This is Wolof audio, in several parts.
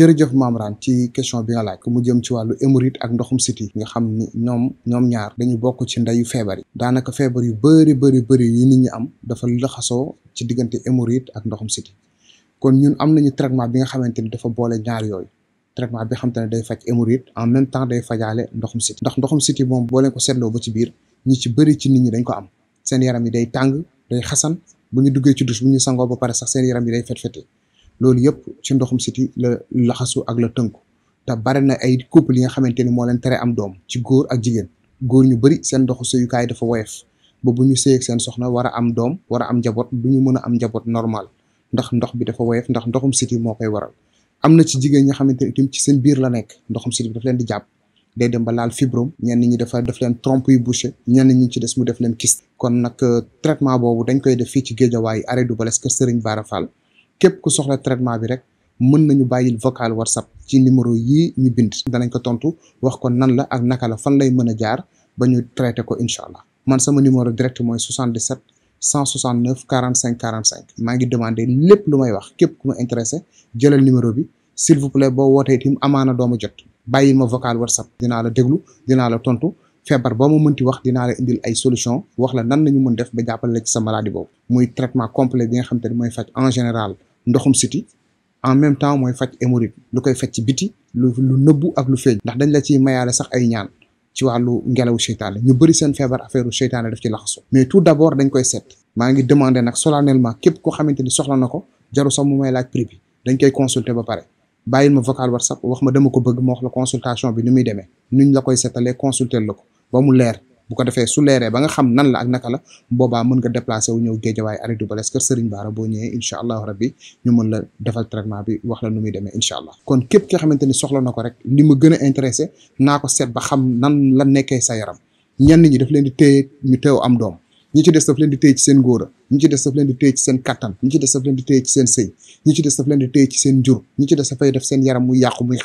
jërëjëf Mamran ci question bi nga laaj ku mu jëm ci wàllu hémorroïde ak ndoxum siti nga xam ni ñoom ñoom ñaar dañu bokk ci ndeyu feebar yi daanaka feebar yu bëri bëri bëri yi nit ñi am dafa laxasoo ci diggante hémorroïde ak ndoxum siti kon ñun am nañu traitement bi nga xamante ni dafa boole ñaar yooyu traitement bi xam te ne day faj hémorroïde en même temps day fajaale ndoxum siti ndax ndoxum siti moom boo ko seetloo ba ci biir ñi ci bëri ci nit ñi dañ ko am seen yaram yi day tàng day xasan bu ñu duggee ci douche ñu sangoo ba pare sax seen yaram yi day fet-fete loolu yëpp ci ndoxum siti la laxasu ak la tënku te bare na ay couple yi nga xamante ni moo leen tere am doom ci góor ak jigéen góor ñu bari seen ndoxu sëyukaay dafa woyof boobu ñu sëyeeg seen soxna war a am doom war a am njaboot bu ñu mën a am njaboot normal ndax ndox bi dafa woyof ndax ndoxum siti moo koy waral am na ci jigéen ñi nga xamante ni itam ci seen biir la nekk ndoxum siti bi dafa leen di jàpp day dem ba laal fibrome ñenn ñi dafa def leen trompe yu bouché ñenn ñi ci des mu def leen kyste kon nag euh, traitement boobu dañ koy def fii ci Guédiawaye arrêt du Balès kër Serigne Bara Fall كيب كو سوخلا تريتمان بي ريك مون نانيو بايل فوكال واتساب سي نيميرو يي ني بينت دا نانكو تونتو واخكو نان لا اك ناكا لا فان لاي مانا جار با نيو تريتي كو ان شاء الله مان سما نيميرو ديريكت موي 77 169 45 45 ماغي دماندي ليپ لوماي واخ كيب كو ما انتريسي جيلال نيميرو بي سيل فو بلاي بو ووتاي تيم امانا دومو جوت bayil ma vocal whatsapp dina la deglu dina la tontu febar bo mo meunti wax dina la indil ay solution wax la nan lañu mën def ba jappal la ci sa maladie bob muy traitement complet bi nga xamanteni moy fac ndoxum city en même temps moy faj hémorroïde lu koy faj ci biti lu lu nëbbu ak lu feeñ ndax dañ la ci mayaale sax ay ñaan ci walu ngelaw seytaane ñu bari seen feebar affaireu seytaane daf ci laxasu mais tout d'abord dañ koy set maa ngi demander nag solennellement képp ko xamanteni ni soxla na ko jaru sax mu may laaj prix bi dañ koy consulter ba pare bàyyil ma vocal whatsapp wax ma dama ko bëgg ma wax la consultation bi ni muy demee nuñ la koy seetalee consulter la ko ba mu leer bu ko defee su leeree ba nga xam nan la ak naka la boobaa mën nga déplacé wu ñëw géejawaay arrêt du Balès kër Serigne Bara boo ñëwee incha allahu rabbi ñu mën la defal traitement bi wax la nu muy demee incha allah kon képp ki nga ni soxla na ko rek li ma gën a intéressé naa ko seet ba xam nan la nekkee sa yaram ñenn ñi daf leen di téye ñu teew am doom ñi ci des daf leen di téye ci seen ngóora ñi ci des daf leen di ci seen kattan ñi ci des daf leen di téye ci seen sëy seen njur ñi ci des dafay def seen yaram i we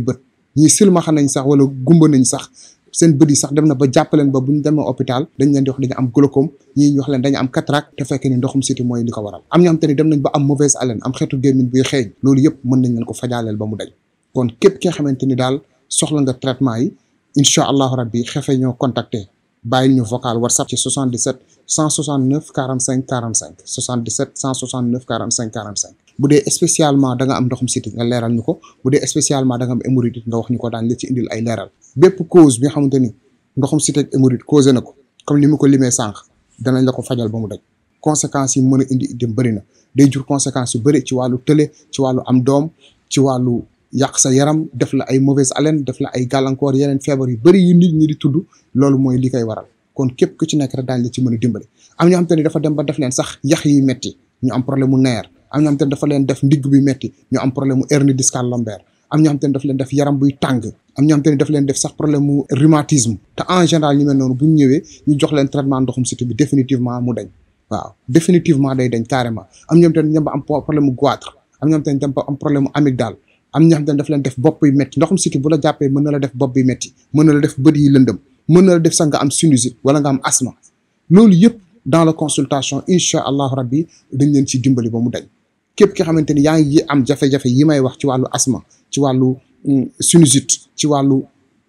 i bët ñii silmaxa nañ sax seen bët yi sax dem na ba jàppaleen ba bu ñu demee hôpital dañ leen di wax dañu am glaucome ñii ñu wax leen dañu am cataracte te fekk ni ndoxum siti mooy li ko waral am ñoo xam te ni dem nañ ba am mauvaise haleine am xeetu gémmiñ buy xeeñ loolu yëpp mën nañ leen ko fajaaleel ba mu dañ kon képp ki nga xamante ni daal soxla nga traitement yi incha allahu rabbi xefe ñoo contacter bàyyil ñu vocal whatsapp ci 77 169 45 45 77 169 45 45 bu dee spécialement da nga am ndoxum siti nga leeral ñu ko bu dee spécialement da nga am hémorroïde nga wax ñu ko daañu la ci indil ay leeral bépp cause bi nga xamante ni ndoxum siti ak hémorroïde causé na ko comme ni mu ko limee sànq danañ la ko fajal ba mu daj conséquences yi mën a indi itam bëri na day jur conséquences yu bëri ci wàllu tële ci wàllu am doom ci wàllu yàq sax yaram def la ay mauvaise haleine def la ay gàllankoor yeneen feebar yu bëri yu nit ñi di tudd loolu mooy li koy waral kon képp ku ci nekk rek daañ la ci mën a dimbali am ñoo xam te dem ba def leen sax yax yi metti ñu am problème mu neer am ñoo xam ne dafa leen def ndigg bi metti ñu am problème mu hernie discale am ñoo daf leen def yaram buy tàng am ñoo xam daf leen def sax problème mu rhumatisme te en général ñu mel noonu bu ñu ñëwee ñu jox leen traitement ndoxum bi définitivement mu dañ waaw définitivement day dañ carrément am ñoom te ne dem ba am problème mu goitre am ñoom te am problème mu amygdale am ñoo xam ne leen def bopp yu métti ndoxum siti bu la jàppee mën na la def bopp bi métti mën na la def bët yi lëndëm mën na la def sax nga am sinusite wala nga am asthme loolu yëpp dans la consultation incha allahu rabbi dañ leen ci dimbali ba mu dañ képp ki xamante ni yaa ngi am jafe-jafe yi may wax ci wàllu asthme ci wàllu mm, sinusite ci wàllu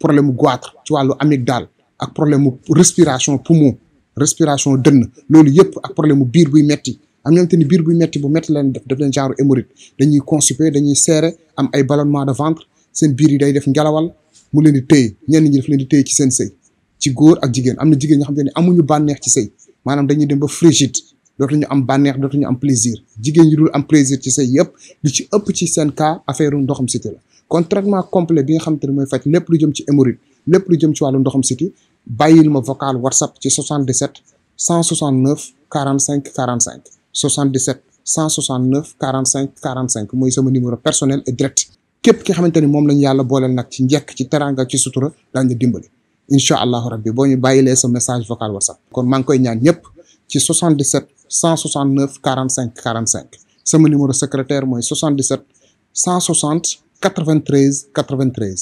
problème mu goitre ci wàllu daal ak problème mu respiration poumon respiration dënn loolu yëpp ak problème mu biir bi metti am ñoo xamante ni biir bu métti bu métti leen def def leen genre hémorroïde dañuy constipé dañuy serré am ay ballonnement de ventre seen biir yi day def ngelawal mu leen di téye ñenn ñi daf leen di ci seen sëy ci góor ak jigéen am na jigéen ñoo xamante ni amuñu bànneex ci sëy maanaam dañuy dem ba frigide dootuñu am bànneex dootuñu am plaisir jigéen ñi dul am plaisir ci sëy yëpp lu ci ëpp ci seen cas affaire ndoxum siti la kon traitement complet bi nga xamante ne mooy faj lépp lu jëm ci hémorroïde lépp lu jëm ci wàllu ndoxam siti bàyyil ma vocal whatsapp ci 77 169 45 45 77 169 45 45 mooy sama numéro personnel et direct képp ki xamante ni moom lañu yàlla booleel nag ci njekk ci teranga ci sutura daañu la dimbali incha allahu rabbi boo ñu bàyyilee sa message vocal whatsapp kon maa koy ñaan ñëpp ci 77 169 45 45 sama numéro secrétaire mooy 77 160 93 93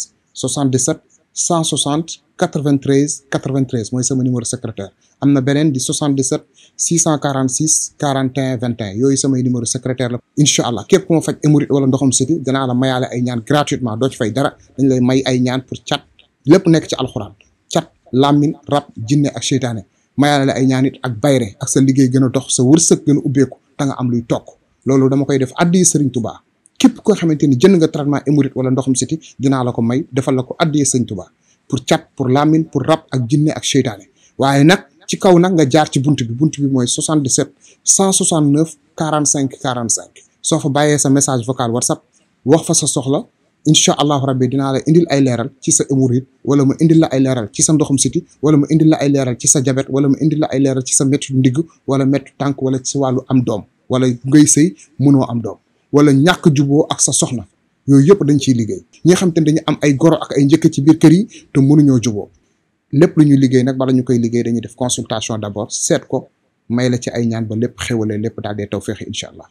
77 160 93 93 mooy sama numéro secrétaire am na beneen di 77 646 41 21 yooyu samay numéro secrétaire la incha allah képp ku ma faj émorite wala ndoxam siti danaa la mayaale ay ñaan gratuitement doo ci dara dañ lay may ay ñaan pour cat lépp nekk ci alxuraan cat làmmin rab jinne ak seytaane mayaale la ay ñaan ak bayre ak sa liggéey gën a dox sa wërsëg gën a ubbeeku ta nga am luy tokk loolu dama koy def addi Serigne Touba ko xamante ni jënd nga traitement hémorroïde wala ndoxum siti dinaa la ko may defal la ko addee sëñ Tuubaa pour cat pour lamine pour rab ak jinne ak seytaane waaye nag ci kaw nag nga jaar ci bunt bi bunt bi mooy cent 77 169 45 45 soo fa bàyyee sa message vocal whatsapp wax fa sa soxla incha allahu rabbi dinaa la indil ay leeral ci sa hémorroïde wala mu indil la ay leeral ci sa ndoxum siti wala mu indil la ay leeral ci sa jabet wala mu indil la ay leeral ci sa méttu ndigg wala méttu tànk wala ci wàllu am doom wala ngay sëy mënoo am doom wala ñàkk jubo ak sa soxna yooyu yëpp dañ ciy liggéey ñi nga xam te ne dañu am ay goro ak ay njëkk ci biir kër yi te mënuñoo juboo lépp lu ñuy liggéey nag bala ñu koy liggéey dañuy def consultation d'abord seet ko may la ci ay ñaan ba lépp xéwalee lépp daal dee taw feexe incha allah